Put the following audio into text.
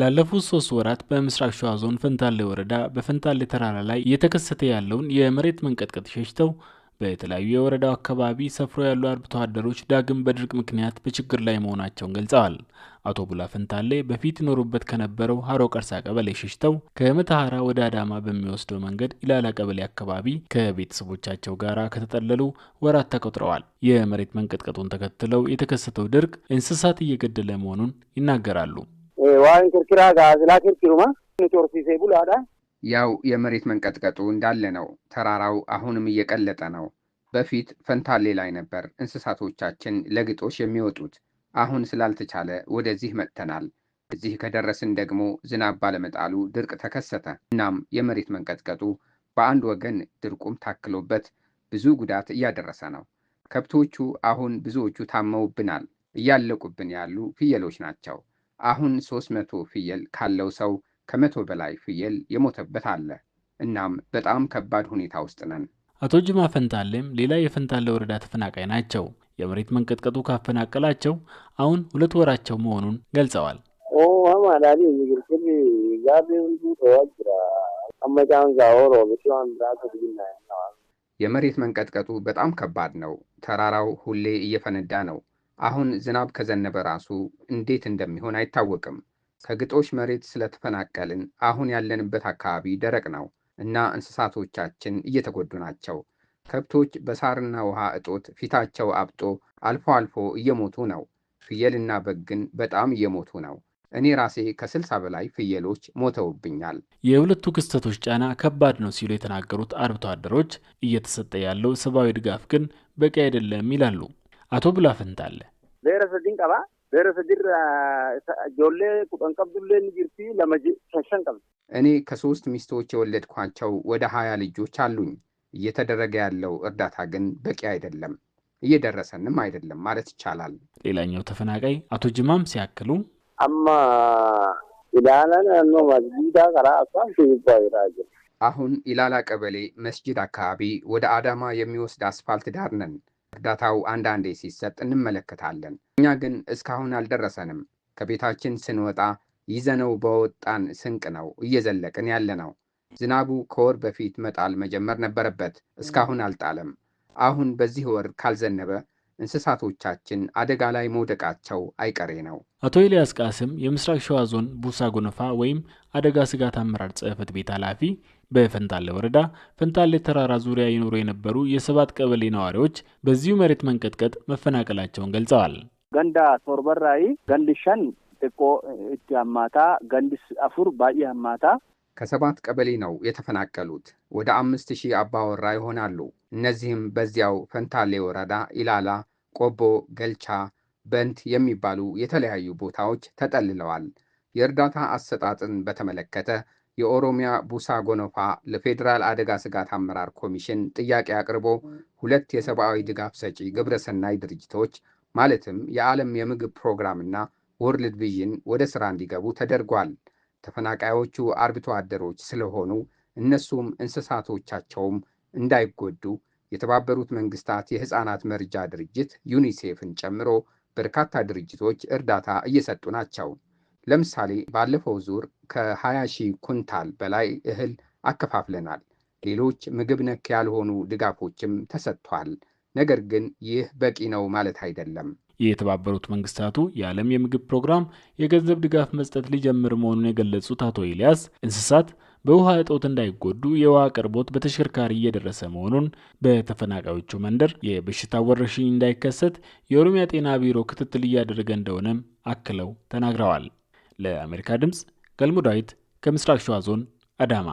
ላለፉት ሶስት ወራት በምስራቅ ሸዋ ዞን ፈንታሌ ወረዳ በፈንታሌ ተራራ ላይ እየተከሰተ ያለውን የመሬት መንቀጥቀጥ ሸሽተው በተለያዩ የወረዳው አካባቢ ሰፍሮ ያሉ አርብቶ አደሮች ዳግም በድርቅ ምክንያት በችግር ላይ መሆናቸውን ገልጸዋል። አቶ ቡላ ፈንታሌ በፊት ይኖሩበት ከነበረው ሀሮ ቀርሳ ቀበሌ ሸሽተው ከመተሐራ ወደ አዳማ በሚወስደው መንገድ ኢላላ ቀበሌ አካባቢ ከቤተሰቦቻቸው ጋር ከተጠለሉ ወራት ተቆጥረዋል። የመሬት መንቀጥቀጡን ተከትለው የተከሰተው ድርቅ እንስሳት እየገደለ መሆኑን ይናገራሉ። ዋይን ክርክራ ጋዝላ ክርኪሩማ ኑቲ ኦርሲሴ ቡላዳ ያው የመሬት መንቀጥቀጡ እንዳለ ነው። ተራራው አሁንም እየቀለጠ ነው። በፊት ፈንታሌ ላይ ነበር እንስሳቶቻችን ለግጦሽ የሚወጡት። አሁን ስላልተቻለ ወደዚህ መጥተናል። እዚህ ከደረስን ደግሞ ዝናብ ባለመጣሉ ድርቅ ተከሰተ። እናም የመሬት መንቀጥቀጡ በአንድ ወገን ድርቁም ታክሎበት ብዙ ጉዳት እያደረሰ ነው። ከብቶቹ አሁን ብዙዎቹ ታመውብናል። እያለቁብን ያሉ ፍየሎች ናቸው። አሁን 300 መቶ ፍየል ካለው ሰው ከመቶ በላይ ፍየል የሞተበት አለ። እናም በጣም ከባድ ሁኔታ ውስጥ ነን። አቶ ጅማ ፈንታሌም ሌላ የፈንታሌ ወረዳ ተፈናቃይ ናቸው። የመሬት መንቀጥቀጡ ካፈናቀላቸው አሁን ሁለት ወራቸው መሆኑን ገልጸዋል። የመሬት መንቀጥቀጡ በጣም ከባድ ነው። ተራራው ሁሌ እየፈነዳ ነው። አሁን ዝናብ ከዘነበ ራሱ እንዴት እንደሚሆን አይታወቅም። ከግጦሽ መሬት ስለተፈናቀልን አሁን ያለንበት አካባቢ ደረቅ ነው እና እንስሳቶቻችን እየተጎዱ ናቸው። ከብቶች በሳርና ውሃ እጦት ፊታቸው አብጦ አልፎ አልፎ እየሞቱ ነው። ፍየልና በግ ግን በጣም እየሞቱ ነው። እኔ ራሴ ከስልሳ በላይ ፍየሎች ሞተውብኛል። የሁለቱ ክስተቶች ጫና ከባድ ነው ሲሉ የተናገሩት አርብቶ አደሮች እየተሰጠ ያለው ሰብአዊ ድጋፍ ግን በቂ አይደለም ይላሉ። አቶ አፈንጣለ ብሔረሰብ ብሔረሰብን ቀባ ብሔረሰብን ጆሌ ቁጠን ቀብዱሌ ንጅርቲ ለመጅ ሸሸን ቀብ እኔ ከሶስት ሚስቶች የወለድኳቸው ወደ ሀያ ልጆች አሉኝ። እየተደረገ ያለው እርዳታ ግን በቂ አይደለም፣ እየደረሰንም አይደለም ማለት ይቻላል። ሌላኛው ተፈናቃይ አቶ ጅማም ሲያክሉ አማ አሁን ኢላላ ቀበሌ መስጂድ አካባቢ ወደ አዳማ የሚወስድ አስፋልት ዳር ነን። እርዳታው አንዳንዴ ሲሰጥ እንመለከታለን። እኛ ግን እስካሁን አልደረሰንም። ከቤታችን ስንወጣ ይዘነው በወጣን ስንቅ ነው እየዘለቅን ያለ ነው። ዝናቡ ከወር በፊት መጣል መጀመር ነበረበት። እስካሁን አልጣለም። አሁን በዚህ ወር ካልዘነበ እንስሳቶቻችን አደጋ ላይ መውደቃቸው አይቀሬ ነው። አቶ ኤልያስ ቃስም የምስራቅ ሸዋ ዞን ቡሳ ጎነፋ ወይም አደጋ ስጋት አመራር ጽህፈት ቤት ኃላፊ በፈንታሌ ወረዳ ፈንታሌ ተራራ ዙሪያ ይኖሩ የነበሩ የሰባት ቀበሌ ነዋሪዎች በዚሁ መሬት መንቀጥቀጥ መፈናቀላቸውን ገልጸዋል። ገንዳ ሶርበራይ ገንድሸን ጥቆ እቲ አማታ ገንድስ አፉር ባኢ አማታ ከሰባት ቀበሌ ነው የተፈናቀሉት። ወደ አምስት ሺህ አባወራ ይሆናሉ። እነዚህም በዚያው ፈንታሌ ወረዳ ኢላላ፣ ቆቦ፣ ገልቻ፣ በንት የሚባሉ የተለያዩ ቦታዎች ተጠልለዋል። የእርዳታ አሰጣጥን በተመለከተ የኦሮሚያ ቡሳ ጎኖፋ ለፌዴራል አደጋ ስጋት አመራር ኮሚሽን ጥያቄ አቅርቦ ሁለት የሰብአዊ ድጋፍ ሰጪ ግብረሰናይ ድርጅቶች ማለትም የዓለም የምግብ ፕሮግራምና ወርልድ ቪዥን ወደ ስራ እንዲገቡ ተደርጓል። ተፈናቃዮቹ አርብቶ አደሮች ስለሆኑ እነሱም እንስሳቶቻቸውም እንዳይጎዱ የተባበሩት መንግስታት የህፃናት መርጃ ድርጅት ዩኒሴፍን ጨምሮ በርካታ ድርጅቶች እርዳታ እየሰጡ ናቸው። ለምሳሌ ባለፈው ዙር ከ20 ሺህ ኩንታል በላይ እህል አከፋፍለናል። ሌሎች ምግብ ነክ ያልሆኑ ድጋፎችም ተሰጥቷል። ነገር ግን ይህ በቂ ነው ማለት አይደለም። የተባበሩት መንግስታቱ የዓለም የምግብ ፕሮግራም የገንዘብ ድጋፍ መስጠት ሊጀምር መሆኑን የገለጹት አቶ ኤልያስ እንስሳት በውሃ እጦት እንዳይጎዱ የውሃ አቅርቦት በተሽከርካሪ እየደረሰ መሆኑን፣ በተፈናቃዮቹ መንደር የበሽታ ወረርሽኝ እንዳይከሰት የኦሮሚያ ጤና ቢሮ ክትትል እያደረገ እንደሆነም አክለው ተናግረዋል። ለአሜሪካ ድምፅ ገልሞ ዳዊት ከምስራቅ ሸዋ ዞን አዳማ